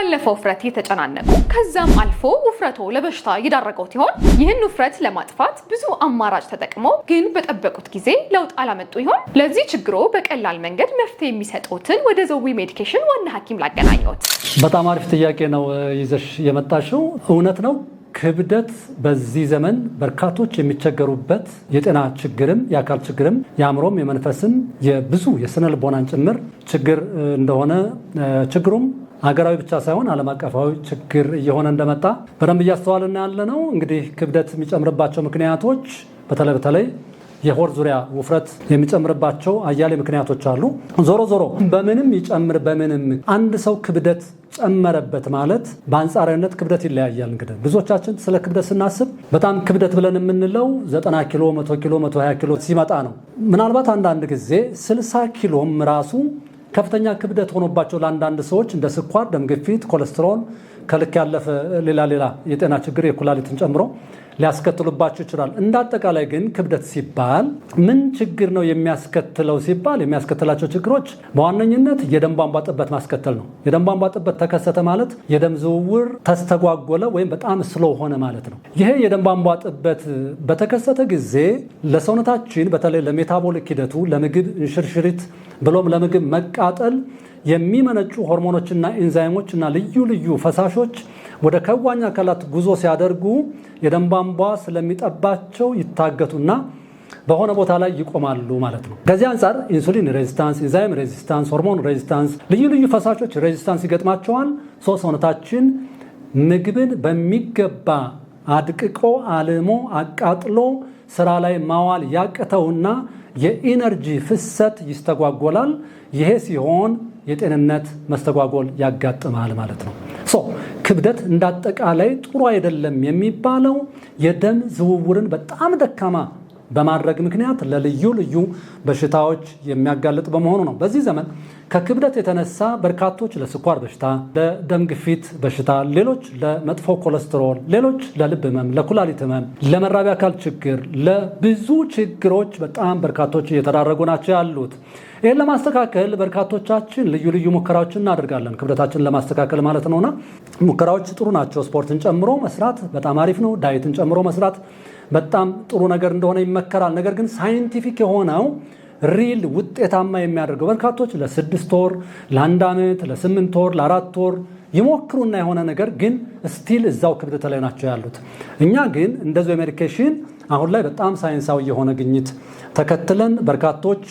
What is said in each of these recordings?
ባለፈው ውፍረት የተጨናነቁ ከዛም አልፎ ውፍረቶ ለበሽታ እየዳረገውት ይሆን? ይህን ውፍረት ለማጥፋት ብዙ አማራጭ ተጠቅመው ግን በጠበቁት ጊዜ ለውጥ አላመጡ ይሆን? ለዚህ ችግሮ በቀላል መንገድ መፍትሄ የሚሰጡትን ወደ ዘዊ ሜዲኬሽን ዋና ሐኪም ላገናኘሁት። በጣም አሪፍ ጥያቄ ነው ይዘሽ የመጣሽው። እውነት ነው ክብደት በዚህ ዘመን በርካቶች የሚቸገሩበት የጤና ችግርም የአካል ችግርም የአእምሮም የመንፈስም የብዙ የስነ ልቦናን ጭምር ችግር እንደሆነ ችግሩም ሀገራዊ ብቻ ሳይሆን ዓለም አቀፋዊ ችግር እየሆነ እንደመጣ በደንብ እያስተዋልና ያለ ነው። እንግዲህ ክብደት የሚጨምርባቸው ምክንያቶች በተለይ በተለይ የሆድ ዙሪያ ውፍረት የሚጨምርባቸው አያሌ ምክንያቶች አሉ። ዞሮ ዞሮ በምንም ይጨምር በምንም አንድ ሰው ክብደት ጨመረበት ማለት በአንጻራዊነት ክብደት ይለያያል። እንግዲህ ብዙዎቻችን ስለ ክብደት ስናስብ በጣም ክብደት ብለን የምንለው 90 ኪሎ፣ 100 ኪሎ፣ 120 ኪሎ ሲመጣ ነው። ምናልባት አንዳንድ ጊዜ 60 ኪሎም ራሱ ከፍተኛ ክብደት ሆኖባቸው ለአንዳንድ ሰዎች እንደ ስኳር፣ ደም ግፊት፣ ከልክ ያለፈ ሌላ ሌላ የጤና ችግር የኩላሊትን ጨምሮ ሊያስከትሉባቸው ይችላል። እንደ አጠቃላይ ግን ክብደት ሲባል ምን ችግር ነው የሚያስከትለው ሲባል የሚያስከትላቸው ችግሮች በዋነኝነት የደም ቧንቧ ጥበት ማስከተል ነው። የደም ቧንቧ ጥበት ተከሰተ ማለት የደም ዝውውር ተስተጓጎለ ወይም በጣም ስሎ ሆነ ማለት ነው። ይሄ የደም ቧንቧ ጥበት በተከሰተ ጊዜ ለሰውነታችን በተለይ ለሜታቦሊክ ሂደቱ ለምግብ እንሽርሽሪት ብሎም ለምግብ መቃጠል የሚመነጩ ሆርሞኖችና እና ልዩ ልዩ ፈሳሾች ወደ ከዋኝ አካላት ጉዞ ሲያደርጉ የደም ቧንቧ ስለሚጠባቸው ይታገቱና በሆነ ቦታ ላይ ይቆማሉ ማለት ነው። ከዚህ አንጻር ኢንሱሊን ሬዚስታንስ፣ ኢንዛይም ሬዚስታንስ፣ ሆርሞን ሬዚስታንስ፣ ልዩ ልዩ ፈሳሾች ሬዚስታንስ ይገጥማቸዋል። ሶስት ሰውነታችን ምግብን በሚገባ አድቅቆ አልሞ አቃጥሎ ስራ ላይ ማዋል ያቅተውና የኢነርጂ ፍሰት ይስተጓጎላል። ይሄ ሲሆን የጤንነት መስተጓጎል ያጋጥማል ማለት ነው። ሶ ክብደት እንዳጠቃላይ ጥሩ አይደለም የሚባለው የደም ዝውውርን በጣም ደካማ በማድረግ ምክንያት ለልዩ ልዩ በሽታዎች የሚያጋልጥ በመሆኑ ነው። በዚህ ዘመን ከክብደት የተነሳ በርካቶች ለስኳር በሽታ፣ ለደም ግፊት በሽታ፣ ሌሎች ለመጥፎ ኮለስትሮል፣ ሌሎች ለልብ ህመም፣ ለኩላሊት ህመም፣ ለመራቢያ አካል ችግር፣ ለብዙ ችግሮች በጣም በርካቶች እየተዳረጉ ናቸው ያሉት። ይህን ለማስተካከል በርካቶቻችን ልዩ ልዩ ሙከራዎችን እናደርጋለን። ክብደታችንን ለማስተካከል ማለት ነውና ሙከራዎች ጥሩ ናቸው። ስፖርትን ጨምሮ መስራት በጣም አሪፍ ነው። ዳይትን ጨምሮ መስራት በጣም ጥሩ ነገር እንደሆነ ይመከራል። ነገር ግን ሳይንቲፊክ የሆነው ሪል ውጤታማ የሚያደርገው በርካቶች ለስድስት ወር፣ ለአንድ ዓመት፣ ለስምንት ወር፣ ለአራት ወር ይሞክሩና የሆነ ነገር ግን ስቲል እዛው ክብደት ላይ ናቸው ያሉት። እኛ ግን እንደዚ ሜዲኬሽን አሁን ላይ በጣም ሳይንሳዊ የሆነ ግኝት ተከትለን በርካቶች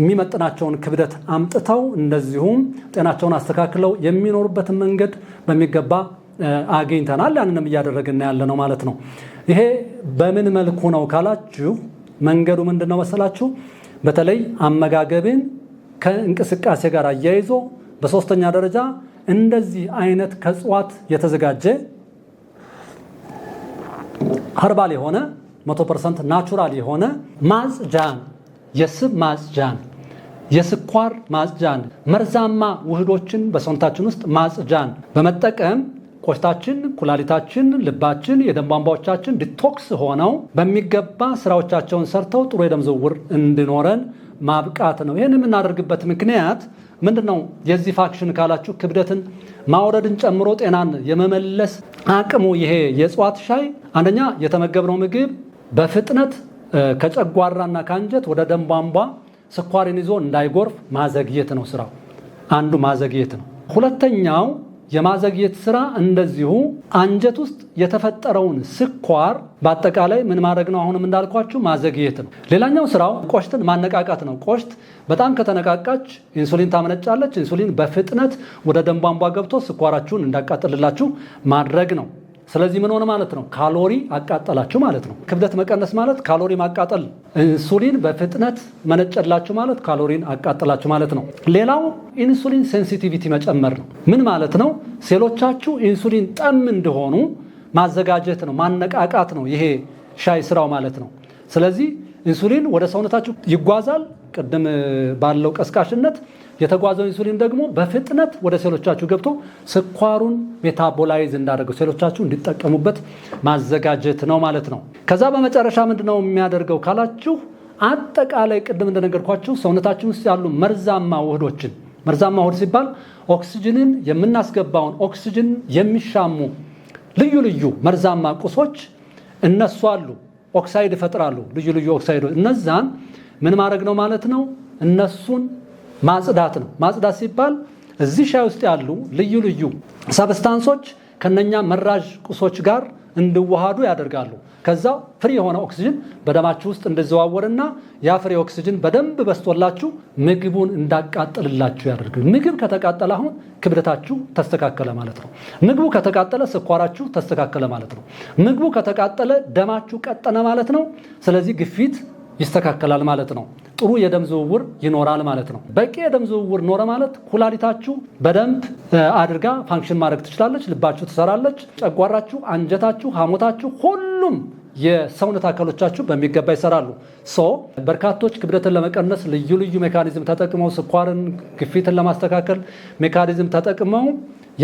የሚመጥናቸውን ክብደት አምጥተው እንደዚሁም ጤናቸውን አስተካክለው የሚኖሩበትን መንገድ በሚገባ አግኝተናል። ያንንም እያደረግን ያለ ነው ማለት ነው። ይሄ በምን መልኩ ነው ካላችሁ መንገዱ ምንድን ነው መሰላችሁ? በተለይ አመጋገብን ከእንቅስቃሴ ጋር አያይዞ በሶስተኛ ደረጃ እንደዚህ አይነት ከእጽዋት የተዘጋጀ ሀርባል የሆነ ፐርሰንት ናቹራል የሆነ ማጽጃን፣ የስብ ማጽጃን፣ የስኳር ማጽጃን፣ መርዛማ ውህዶችን በሰውነታችን ውስጥ ማጽጃን በመጠቀም ቆሽታችን፣ ኩላሊታችን፣ ልባችን፣ የደም ቧንቧዎቻችን ዲቶክስ ሆነው በሚገባ ስራዎቻቸውን ሰርተው ጥሩ የደም ዝውውር እንዲኖረን ማብቃት ነው። ይህን የምናደርግበት ምክንያት ምንድን ነው? የዚህ ፋክሽን ካላችሁ ክብደትን ማውረድን ጨምሮ ጤናን የመመለስ አቅሙ ይሄ የእጽዋት ሻይ አንደኛ የተመገብነው ምግብ በፍጥነት ከጨጓራና ከአንጀት ወደ ደም ቧንቧ ስኳርን ይዞ እንዳይጎርፍ ማዘግየት ነው። ስራው አንዱ ማዘግየት ነው። ሁለተኛው የማዘግየት ስራ እንደዚሁ አንጀት ውስጥ የተፈጠረውን ስኳር በአጠቃላይ ምን ማድረግ ነው? አሁንም እንዳልኳችሁ ማዘግየት ነው። ሌላኛው ስራው ቆሽትን ማነቃቃት ነው። ቆሽት በጣም ከተነቃቃች ኢንሱሊን ታመነጫለች። ኢንሱሊን በፍጥነት ወደ ደም ቧንቧ ገብቶ ስኳራችሁን እንዳቃጥልላችሁ ማድረግ ነው። ስለዚህ ምን ሆነ ማለት ነው? ካሎሪ አቃጠላችሁ ማለት ነው። ክብደት መቀነስ ማለት ካሎሪ ማቃጠል፣ ኢንሱሊን በፍጥነት መነጨላችሁ ማለት ካሎሪን አቃጠላችሁ ማለት ነው። ሌላው ኢንሱሊን ሴንሲቲቪቲ መጨመር ነው። ምን ማለት ነው? ሴሎቻችሁ ኢንሱሊን ጠም እንደሆኑ ማዘጋጀት ነው፣ ማነቃቃት ነው። ይሄ ሻይ ስራው ማለት ነው። ስለዚህ ኢንሱሊን ወደ ሰውነታችሁ ይጓዛል። ቅድም ባለው ቀስቃሽነት የተጓዘው ኢንሱሊን ደግሞ በፍጥነት ወደ ሴሎቻችሁ ገብቶ ስኳሩን ሜታቦላይዝ እንዳደረገው ሴሎቻችሁ እንዲጠቀሙበት ማዘጋጀት ነው ማለት ነው። ከዛ በመጨረሻ ምንድነው ነው የሚያደርገው ካላችሁ አጠቃላይ ቅድም እንደነገርኳችሁ ሰውነታችን ውስጥ ያሉ መርዛማ ውህዶችን መርዛማ ውህድ ሲባል ኦክሲጅንን የምናስገባውን ኦክሲጅን የሚሻሙ ልዩ ልዩ መርዛማ ቁሶች እነሱ አሉ። ኦክሳይድ ይፈጥራሉ፣ ልዩ ልዩ ኦክሳይዶ። እነዛን ምን ማድረግ ነው ማለት ነው? እነሱን ማጽዳት ነው። ማጽዳት ሲባል እዚህ ሻይ ውስጥ ያሉ ልዩ ልዩ ሰብስታንሶች ከነኛ መራዥ ቁሶች ጋር እንዲዋሃዱ ያደርጋሉ። ከዛ ፍሪ የሆነ ኦክሲጅን በደማችሁ ውስጥ እንዲዘዋወርና ያ ፍሪ ኦክሲጅን በደንብ በስቶላችሁ ምግቡን እንዳቃጥልላችሁ ያደርግ። ምግብ ከተቃጠለ አሁን ክብደታችሁ ተስተካከለ ማለት ነው። ምግቡ ከተቃጠለ ስኳራችሁ ተስተካከለ ማለት ነው። ምግቡ ከተቃጠለ ደማችሁ ቀጠነ ማለት ነው። ስለዚህ ግፊት ይስተካከላል ማለት ነው። ጥሩ የደም ዝውውር ይኖራል ማለት ነው። በቂ የደም ዝውውር ኖረ ማለት ኩላሊታችሁ በደንብ አድርጋ ፋንክሽን ማድረግ ትችላለች፣ ልባችሁ ትሰራለች፣ ጨጓራችሁ፣ አንጀታችሁ፣ ሐሞታችሁ ሁሉም የሰውነት አካሎቻችሁ በሚገባ ይሰራሉ። ሶ በርካቶች ክብደትን ለመቀነስ ልዩ ልዩ ሜካኒዝም ተጠቅመው ስኳርን፣ ግፊትን ለማስተካከል ሜካኒዝም ተጠቅመው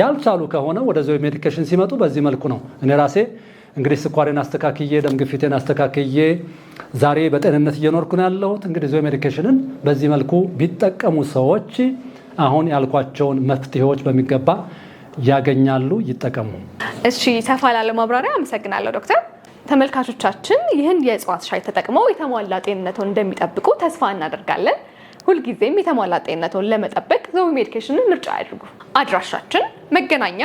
ያልቻሉ ከሆነ ወደዚ ሜዲኬሽን ሲመጡ በዚህ መልኩ ነው እኔ ራሴ እንግዲህ ስኳሬን አስተካክዬ ደም ግፊቴን አስተካክዬ ዛሬ በጤንነት እየኖርኩ ነው ያለሁት። እንግዲህ ዞ ሜዲኬሽንን በዚህ መልኩ ቢጠቀሙ ሰዎች አሁን ያልኳቸውን መፍትሄዎች በሚገባ ያገኛሉ፣ ይጠቀሙ። እሺ፣ ሰፋ ላለ ማብራሪያ አመሰግናለሁ ዶክተር። ተመልካቾቻችን ይህን የእጽዋት ሻይ ተጠቅመው የተሟላ ጤንነትን እንደሚጠብቁ ተስፋ እናደርጋለን። ሁልጊዜም የተሟላ ጤንነትን ለመጠበቅ ዘዊ ሜዲኬሽንን ምርጫ ያድርጉ። አድራሻችን መገናኛ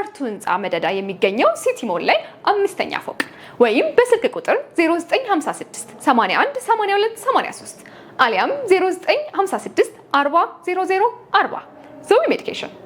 በአራርቱ ህንፃ መደዳ የሚገኘው ሲቲ ሞል ላይ አምስተኛ ፎቅ ወይም በስልክ ቁጥር 0956 81 82 83 አሊያም 0956 40 00 40 ሜዲኬሽን